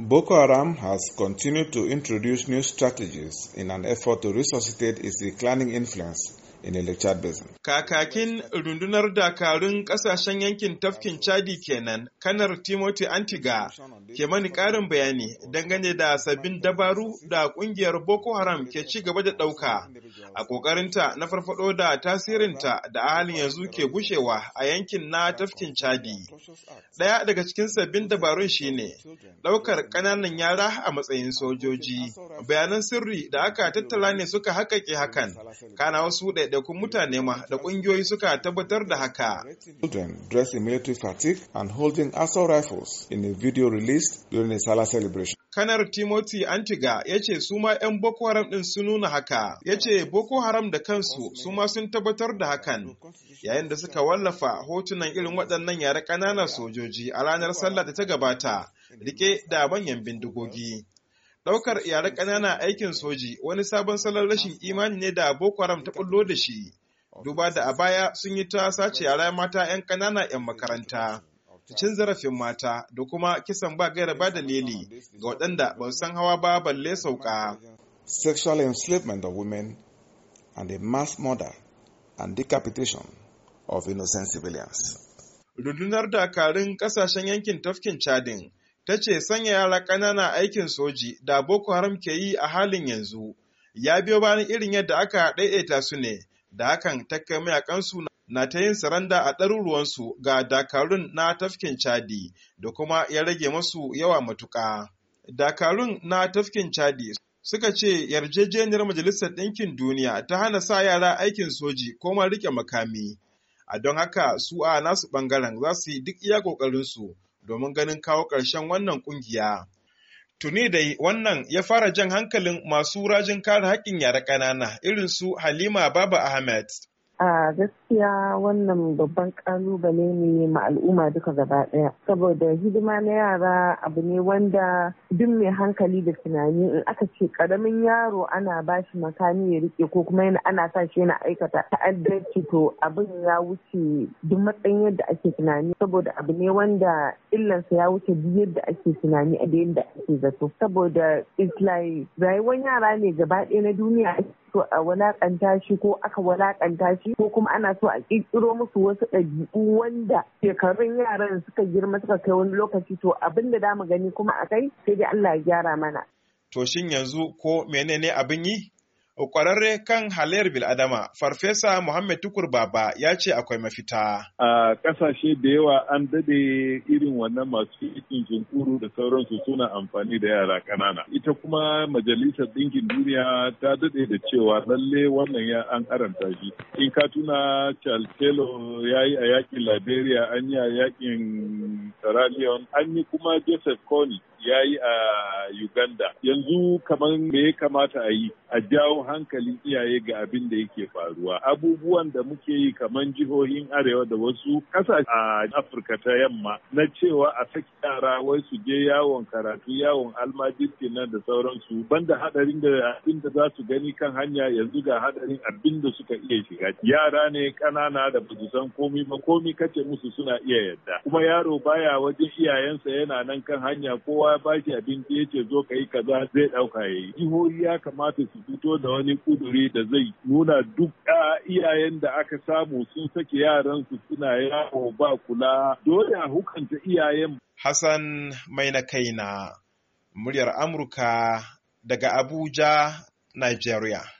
Boko Haram has continued to introduce new strategies in an effort to resuscitate its declining influence in the Chad Basin. Kakakin rundunar dakarun ƙasashen yankin tafkin Chadi kenan, kanar Timothy Antiga ke mani ƙarin bayani dangane da sabbin dabaru da ƙungiyar Boko Haram ke ci gaba da ɗauka a ƙoƙarinta na farfaɗo da tasirinta da a halin yanzu ke gushewa a yankin na tafkin Chadi. Ɗaya daga cikin sabbin dabarun shine ɗaukar ƙananan yara a matsayin sojoji. Bayanan sirri da aka tattala ne suka haƙaƙe hakan, kana wasu ɗaiɗaikun mutane ma da ƙungiyoyi suka tabbatar da haka. dressing military fatigue and holding assault rifles in a video released during the Salah celebration. kanar Timothy Antiga ya ce su ma 'yan Boko Haram ɗin su nuna haka. Ya ce Boko Haram da kansu su ma sun tabbatar da hakan yayin da suka wallafa hotunan irin waɗannan yare ƙanana sojoji a ranar sallah da ta gabata riƙe da manyan bindigogi. Ɗaukar yare ƙanana aikin soji wani sabon salon rashin imani ne da Boko Haram ta ɓullo da shi. Duba da a baya sun yi ta sace yara mata 'yan ƙanana 'yan makaranta. cin zarafin mata da kuma kisan ba gaira ba dalili ga waɗanda ba san hawa ba balle sauka. Sexual enslavement of women and the mass murder and decapitation of innocent civilians. Rundunar dakarun kasashen yankin tafkin Chadin ta ce sanya yara ƙanana aikin soji da Boko Haram ke yi a halin yanzu ya biyo bayan irin yadda aka ɗaiɗaita su ne da hakan ta kai mayakansu na ta yin saranda a ɗaruruwansu ga dakarun na tafkin Chadi da kuma ya rage masu yawa matuƙa. Dakarun na tafkin Chadi suka ce yarjejeniyar Majalisar Ɗinkin Duniya ta hana sa yara aikin soji ko ma riƙe makami. A don haka su a nasu ɓangaren za su yi duk iya ƙoƙarinsu domin ganin kawo ƙarshen wannan ƙungiya. Tuni dai wannan ya fara jan hankalin masu rajin kare haƙƙin yara ƙanana irin su Halima Baba Ahmed a gaskiya wannan babban kalubale ne ma al'umma duka gaba daya saboda hidima na yara abu ne wanda duk mai hankali da tunani in aka ce karamin yaro ana bashi makami ya rike ko kuma yana ana sa shi yana aikata ta'addanci to abin ya wuce duk matsayin yadda ake tunani saboda abu ne wanda illansa ya wuce duk yadda ake tunani a da yadda ake zato saboda it's rayuwar yara ne gaba ɗaya na duniya so a wulaƙanta shi ko aka wulaƙanta shi ko kuma ana so a ƙirƙiro musu wasu ɗabi'u wanda shekarun yaran suka girma suka kai wani lokaci to abin da mu gani kuma a kai sai dai Allah ya gyara mana. To shin yanzu ko menene abin yi? Kwararre kan halayyar bil'adama, Farfesa Muhammad Tukur Baba ya ce akwai mafita. A ƙasashe da yawa an dade irin wannan masu ikin jinkuru da sauransu suna amfani da yara kanana Ita kuma Majalisar Ɗinkin Duniya ta dade da cewa lalle wannan ya an karanta shi. In ka tuna Chalcelo ya yi a yakin Liberia, an yi a yakin Sierra Leone, an yi kuma Joseph Kony ya yi a Uganda. Yanzu kamar me ya kamata a yi? A jawo Hankali iyaye ga abin da yake faruwa abubuwan da muke yi kamar jihohin arewa da wasu ƙasashe a afirka ta yamma na cewa a saki yara wai su je yawon karatu yawon almajirki nan da sauransu banda hadarin da abin da za su gani kan hanya yanzu ga hadarin abin da suka iya shiga yara ne ƙanana da ba su san komi ba komi kace musu suna iya yadda kuma yaro baya wajen iyayensa yana nan kan hanya kowa ba shi abinci yace zo ka kaza zai ɗauka yayi jihohi ya kamata su fito da wani kuduri da zai nuna duk iyayen da aka samu sun sake yaran su suna yawo ba kula dole a hukanta iyayen. Hassan mai na kaina muryar Amurka daga Abuja, Nigeria.